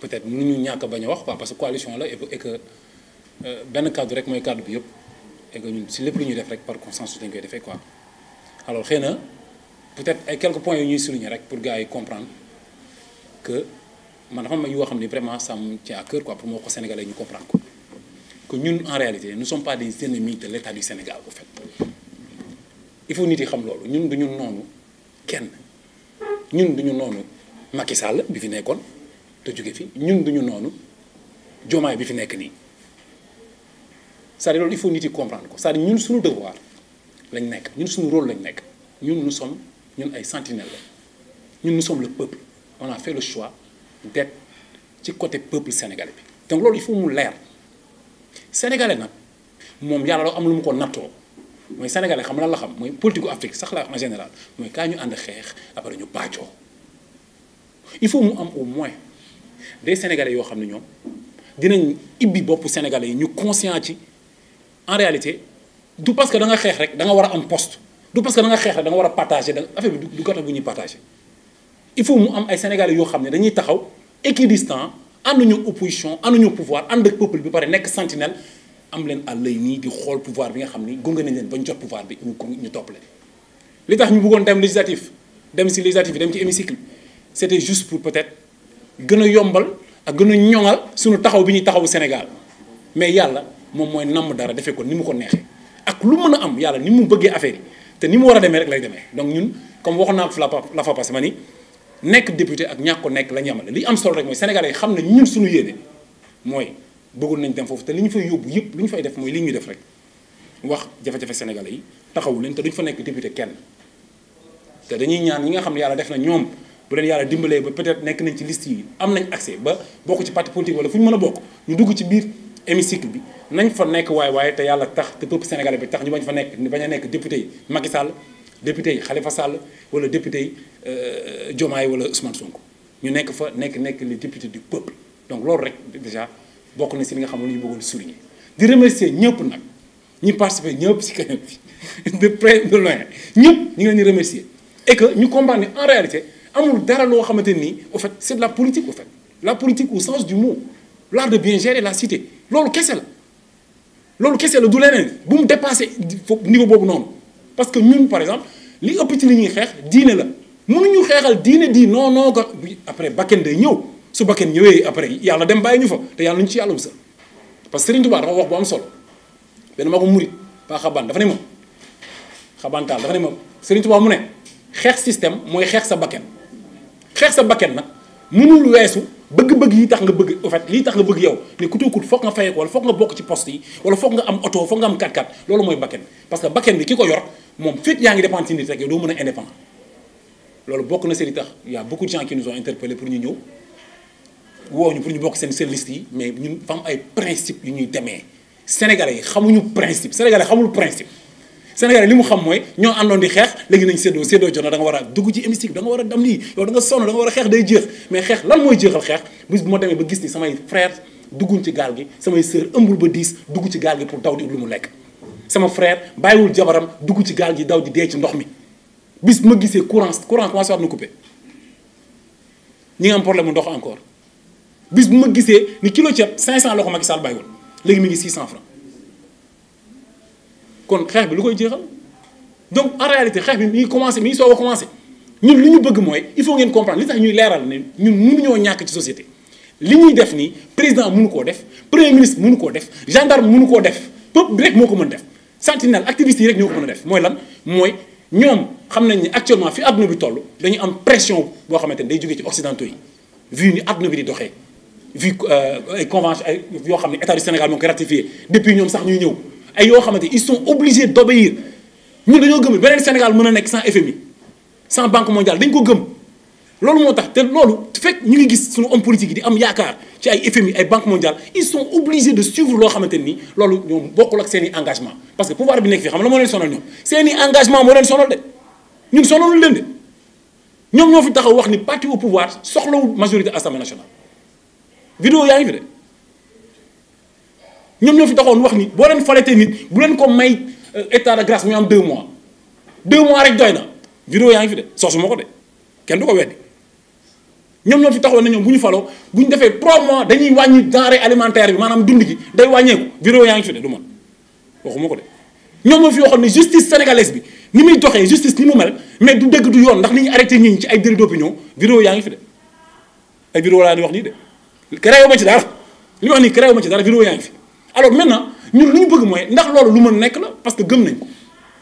peut-être ñu ñàkk bañ a wax quoi parce que coalition la et que euh, benn cadre rek mooy cadre bi yëpp et que si lépp lu ñuy def rek par consensus dañ koy defee quoi. alors xëy na peut-être ay quelques points yu ñuy souligner rek pour gars yi comprendre que man dafa am yoo xam ne vraiment ça ci tient à cœur pour moo ko sénégalais ñu comprendre ko que ñun en réalité nous ne sommes pas des ennemis de l'État du Sénégal au fait il faut nit yi xam loolu ñun du ñu noonu kenn ñun du noonu Macky Sall bi fi nekkoon. te jóge fi ñun duñu noonu jomaay bi fi nekk nii cest à loolu il faut nit yi comprendre ko cest à ñun suñu devoir lañ nekk ñun suñu rôle lañ nekk ñun nous sommes ñun ay sentinelles la ñun nous sommes le peuple on a fait le choix d'être ci côté peuple sénégalais bi te loolu il faut mu leer sénégalais nag moom yàlla loo am lu mu ko nattoo mooy sénégalais xam lan la xam mooy politique gu Afrique sax la en général mooy kaa ñu ànd xeex après ñu bàccoo il faut mu am au moins des sénégalais yoo xam ne ñoom dinañ ibbi boppu sénégalais yi ñu conscient ci en réalité du parce que da nga xeex rek da nga war a am post du parce que da nga xeex rek da nga war a partagé da affaire bi du gàttal bu ñuy partager il faut mu am ay sénégalais yoo xam ne dañuy taxaw équidistant ñu opposition ànduñu pouvoir ànd ak peuple bi pare nekk sentinelle am leen à l'œil nii di xool pouvoir bi nga xam ni gunge nañ leen bañ jot pouvoir bi ñu ñu topp leen li tax ñu bëggoon dem législatif dem si dem ci hémicycle c'était juste pour peut-être gën a yombal ak gën a ñoŋal suñu taxaw bi ñuy taxawu Sénégal mais yàlla moom mooy namm dara defee ko ni mu ko neexee ak lu mun a am yàlla ni mu bëggee affaire yi te ni mu war a demee rek lay demee donc ñun comme waxoon naa ko la fa passé ma ni nekk député ak ñàkk ko nekk la ñu amale li am solo rek mooy Sénégalais yi xam ne ñun suñu yéene mooy bëggoon nañ dem foofu te li ñu fay yóbbu yëpp li ñu fay def mooy li ñuy def rek wax jafe-jafe Sénégalais yi taxawu leen te duñ fa nekk député kenn dañuy ñaan ñi nga xam yàlla def na ñoom bu leen yàlla dimbalee ba peut-être nekk nañ ci liste yi am nañ accès ba bokk ci parti politique wala fu ñu mën a bokk ñu dugg ci biir hémicycle bi nañ fa nekk waaye waaye te yàlla tax te peuple sénégalais bi tax ñu bañ fa nekk bañ a nekk député yi Macky Sall député yi Khalifa Sall wala député yi jomaay euh, wala Ousmane sonk ñu nekk fa nekk nekk les députés du peuple donc loolu rek déjà bokk na si li nga xam ne ñu bëggoon souligner di remercier ñëpp nag ñi participer ñëpp si kanam ñëpp ñu ngi leen di remercier et que ñu comprendre en amul dara loo xamante ni au fait c'est de la politique au fait la politique au sens du mot l'art de bien gérer la cité loolu kese la loolu kese la du leneen bu mu dépassé niveau boobu noonu parce que ñun par exemple li ëpp ci li ñuy xeex diine la ñu xeexal diine di non non ga après bakken day ñëw su bakken ñëwee après yàlla dem bàyyi ñu fa te yàlla ñu ci yàlla musal parce que Serigne Touba dafa wax bu am solo benn maa ko murit ba xabaan dafa ne ma xabantaal mu ne xeex système mooy xeex sa bakken xeex sa bakken nag mënul weesu bëgg-bëgg yi tax nga bëgg en fait lii tax nga bëgg yow ne ku tuukul foog nga fayee ko wala foog nga bokk ci post yi wala foog nga am oto foog nga am 4x4 loolu mooy bakken parce que bakken bi ki ko yor moom fekk yaa ngi dépendre ci nit rek yow doo mën a indépendant loolu bokk na seen i tax yaa a beaucoup de gens qui nous pour ñu ñëw woo ñu pour ñu bokk seen seen liste yi mais ñun fa am ay principe yu ñuy demee sénégalais yi xamuñu principe sénégalais xamul principe Sénégal li mu xam mooy ñoo àndoon di xeex léegi nañ séddoo séddoo jot na da nga war a dugg ci hémicycle da war a dam lii yow da nga sonn da nga war a xeex day jeex mais xeex lan mooy jeexal xeex bis bu ma demee ba gis dugguñ ci gaal gi samay sœur ëmbul ba diis dugg ci gaal gi pour daw di mu lekk sama frère bàyyiwul jabaram dugg ci gaal gi daw di dee ci ndox mi bis bu ma gisee courant courant commencé waat na coupé ñi nga am problème mu ndox encore bis bu ma gisee ni kilo ceeb cent la ko mag Sall bàyyiwul léegi mi ngi cent francs kon xeex bi lu koy jeexal donc en réalité xeex bi mi ngi commencé mi ngi soog a ñun li ñu bëgg mooy il faut ngeen comprendre li tax ñuy leeral ne ñun mënuñoo ñàkk ci société. li ñuy def nii président mënu koo def premier ministre mënu koo def gendarme mënu koo def peuple bi rek moo ko mën def sentinelle activiste yi rek ñoo ko mën a def mooy lan mooy ñoom xam nañ ni actuellement fi adduna bi toll dañu am pression boo xamante ne day jóge ci occidentaux yi vu ni adduna bi di doxee vu euh, ay convention ay yoo xam ne état du Sénégal moo ko ratifié sax ñuy ñëw. ay yoo xamante ils sont obligés d'obéir ñun dañoo gëm beneen Sénégal mën a nekk sans FMI san banque mondiale dañ ko gëm loolu moo tax te loolu fekk ñu ngi gis suñu homme politique yi di am yaakaar ci ay FMI ay banque mondiale ils sont obligés de suivre loo xamante nii loolu ñoom bokkul ak seen i engagement parce que pouvoir bi nekk fii xam la moo leen sonal ñoom seen i engagement moo leen sonal de ñun sonalul leen de ñoom ñoo fi taxaw wax ni parti au pouvoir soxlawul majorité assemblée nationale vidéo yaa ngi fi ñoom ñoo fi taxoon wax ni boo leen te nit bu leen ko may euh, état de grâce muy am 2 mois 2 mois rek doy na vidéo yaa ngi fi de soosu ma ko de kenn du ko weddi ñoom ñoo fi taxoon ne ñoom bu ñu faloo bu ñu defee mois dañuy wàññi denrée alimentaire bi maanaam dund gi day wàññeeku vidéo yaa ngi fi de du ko de ñoom ñoo fi waxoon ne justice sénégales bi ni muy doxee justice ni mu mel mais du dëgg du yoon ndax ni ñu arrêté ñi ci ay délit d'opinion vidéo yaa ngi fi de ay vidéo laa di wax nii de créé ma ci dara li wax nii créé ma ci dara vidéo yaa ngi fi alors maintenant ñun lu ñu bëgg mooy ndax loolu lu mën nekk la parce que gëm nañ ko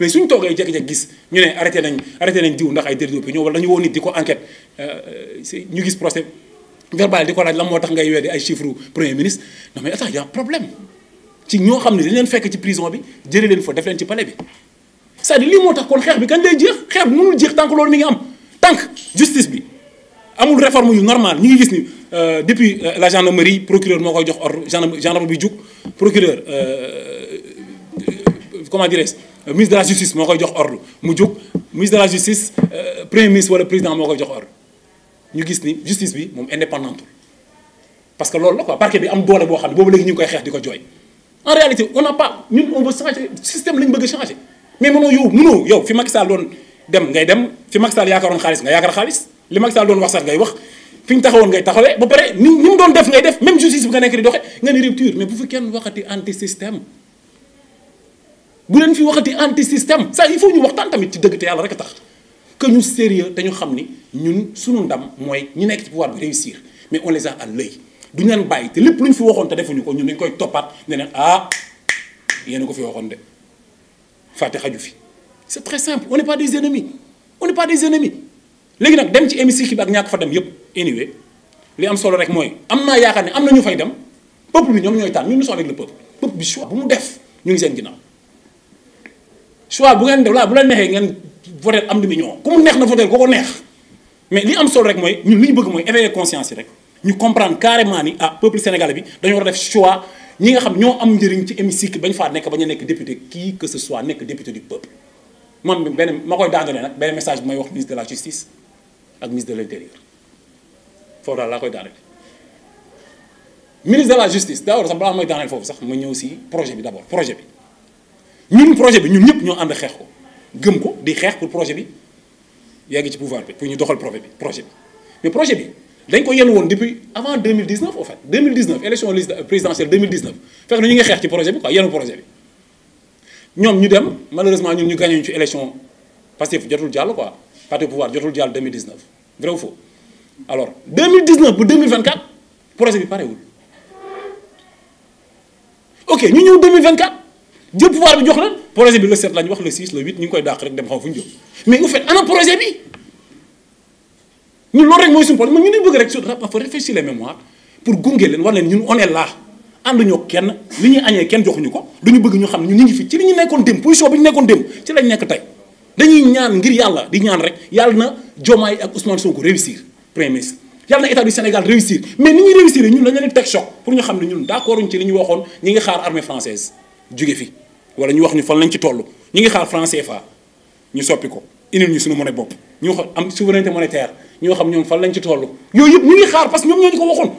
mais suñ toogee jékki-jékki gis ñu ne arrêté nañ arrêté nañ diw ndax ay délits d'opinion wala dañu woo nit di ko enquête euh, ñu gis procès verbal di ko laaj la moo tax ngay weddi ay chiffres premier ministre non mais attends y problème ci ñoo xam ne dañ leen fekk ci prison bi jëlee leen fa def leen ci palais bi cest à lii moo tax kon xeex bi kañ lay jeex xeex bi mënul jeex tant que mi ngi am tant que justice amul réforme yu normal ñu ngi gis ni Euh, depuis euh, la gendarmerie procureur moo koy jox ordre gendarme bi jug procureur euh, comment dirais-je ministre de la justice moo koy jox ordre mu jug ministre de la justice premier ministre wala président moo koy jox ordre ñu gis ni justice bi moom indépendante parce que loolu la quoi parquet bi am doole boo xam ne boobu léegi ñu ngi koy xeex di ko jooy en réalité on n'a pas ñun on veut changer système la ñu bëgg changer mais mënoo yow mënoo yow fi Macky Sall doon dem ngay dem fi Macky yaakaaroon xaalis nga yaakaar xaalis li Macky Sall sax ngay wax fi ñu taxawoon ngay taxawee ba pare ni ni mu doon def ngay def même justice bi nga nekk di doxee nga ni rupture mais bu fi kenn bu leen fi waxati anti système ça il ñu waxtaan tamit ci dëgg te yàlla rek a tax que ñu sérieux te ñu xam ni ñun suñu ndam mooy ñi nekk ci pouvoir bi réussir mais on les a à l'œil du ñu bàyyi te lépp lu ñu fi waxoon te defuñu ko ñun dañu koy toppaat ne leen ah yéen ko fi waxoon de fàtte xaju fi c'est très simple on n'est pas des ennemis on n'est pas des ennemis. léegi nag dem ci hémicycle bi ak ñàkk fa dem yëpp anyway li am solo rek mooy am naa yaakaar ne am na ñu fay dem peuple bi ñoom ñooy tànn ñu nous soo avec le peuple bi choix bu mu def ñu ngi seen ginnaaw choix bu ngeen def laa bu la neexee ngeen voté am lu neex na voté li solo rek mooy ñun li ñu bëgg mooy éveiller conscience yi rek ñu comprendre carrément ni ah peuple sénégalais bi dañu war a def choix ñi nga xam ñoo am njëriñ ci hémicycle bañ faa nekk bañ a nekk député qui que ce soit nekk député du peuple man benn ma koy daangalee nag benn message bi may wax ak ministre de l'intérieur foofu daal laa koy daaneel ministre de la justice d' abord sax balaa may daaneel foofu sax ma ñëw si projet bi d' abord projet bi ñun projet bi ñun ñëpp ñoo ànd xeex ko gëm ko di xeex pour projet bi yegg ci pouvoir bi pour ñu doxal projet bi projet bi mais projet bi dañ ko yenn woon depuis avant 2019 au fait 2019 élection euh, présidentielle 2019 fekk na ñu ngi xeex ci projet bi quoi yenn projet bi ñoom ñu dem malheureusement ñun ñu gagné ñu ci élection Pastef jotul jàll quoi. parti au pouvoir jotul jàll 2019 vrai ou faux alors 2019 ba 2024 projet bi parewul ok ñu ñëw 2024 jël pouvoir bi jox la projet bi le 7 la ñu wax le 6 le 8 ñu ngi koy dàq rek dem xam fu ñu jëm mais au fait ana projet bi ñun loolu rek mooy suñu man ñu ne bëgg rek su dafa fa réfléchir les mémoires pour gunge leen war leen ñun on est là ànduñoo kenn li ñuy añee kenn joxuñu ko duñu ñu xam ne ñu ngi fi ci ñu nekkoon démb position bi ñu nekkoon démb lañ nekk tey. dañuy ñaan ngir yàlla di ñaan rek yàlla na Diomaye ak Ousmane Sonko réussir premier ministre yàlla na état du Sénégal réussir mais ni ñuy réussir ñun dañu leen teg choc pour ñu ne ñun d'accord ci li ñu waxoon ñi ngi xaar armée française jóge fi wala ñu wax ñu fan lañ ci toll ñu ngi xaar franc fa ñu soppi ko indil ñu suñu monnaie bopp ñu xam am souveraineté monétaire ñoo xam ñoom fan lañ ci toll yooyu yëpp ñu ngi xaar parce que ñoom ñoo ñu ko waxoon